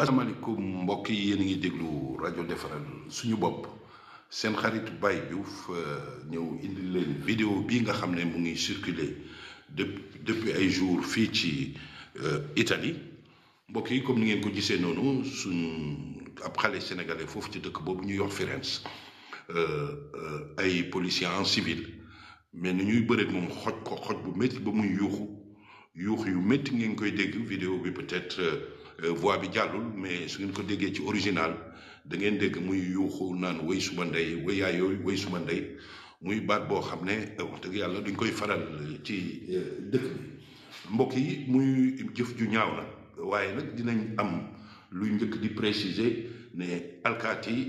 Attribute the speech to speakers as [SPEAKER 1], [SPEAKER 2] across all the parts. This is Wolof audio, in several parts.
[SPEAKER 1] asalaamaaleykum mbokk yi yéen a ngi déglu rajo defaral suñu bopp seen xarit Baye Diouf euh, ñëw indi leen vidéo bii nga xam ne mu ngi circuler depuis ay jours fii ci euh, Italie mbokk yi comme ni ngeen ko gisee noonu suñ ab xale sénégalais foofu ci dëkk boobu ñuy wax Firenze euh, ay policiers en civil mais ni ñuy bëreeg moom xoj ko xoj bu métti ba muy yuuxu yuux yu métti ngeen koy dégg vidéo bi peut-être. Euh, voix bi jàllul mais su ngeen ko déggee ci original da ngeen dégg muy yuuxu naan way suma ndey way yaayooyu way suma ndey muy baat boo xam ne euh, wax dëgg yàlla duñ koy faral euh, ci dëkk bi mbokk yi muy jëf ju ñaaw la waaye nag dinañ am luy njëkk di préciser ne alkaati yi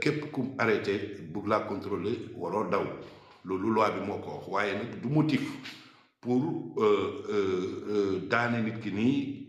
[SPEAKER 1] képp kum arrêté bugg laa contrôler waloo daw loolu loi bi moo ko waaye nag du motif pour daane nit ki nii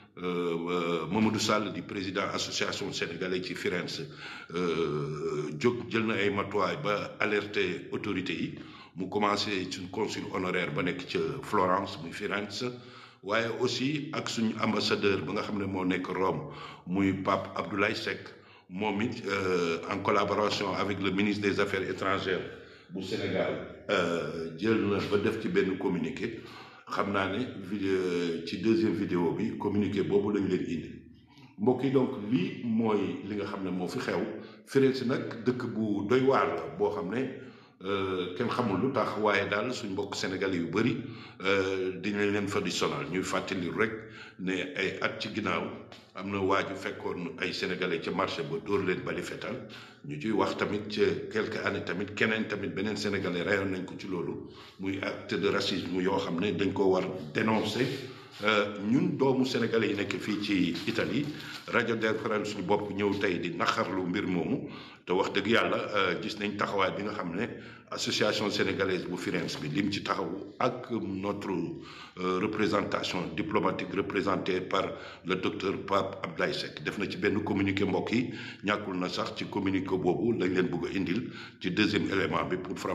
[SPEAKER 1] Euh, Mamadou Sall du président association sénégalaise ci Firenze euh, jóg jël na ay matuwaay ba alerter autorités yi mu commencé une consul honoraire ba Florence muy Firenze waaye aussi ak suñu ambassadeur ba nga Rome Pape Abdoulaye Seck euh, en collaboration avec le ministre des affaires étrangères du Sénégal euh, na ba def ci communiqué xam naa euh, ci deuxième vidéo bi communiqué boobu lañu leen indi mbokk yi donc lii mooy li nga xam ne moo fi xew Firenze nag dëkk bu doy waar la boo xam ne kenn xamul lu tax waaye daal suñ mbokk sénégal yu bëri dina leen fa di sonal ñuy fàttali rek ne ay at ci ginnaaw am na waaju fekkoon ay sénégalais ca marché ba dóor leen bali fetal ñu ciy wax tamit ca quelque année tamit keneen tamit beneen sénégalais rayoon nañ ko ci loolu muy acte de racisme yoo xam ne dañ ko war dénoncer Euh, ñun doomu sénégalais qui nekk fii ci Italie rajo der France suñu bopp ñëw di mbir te wax euh, gis nañ association sénégalaise bu bi lim ci taxaw notre euh, représentation diplomatique représentée par le docteur Pape Abdoulaye Seck def na ci communiqué mbokk yi na sax ci communiqué indil ci deuxième élément pour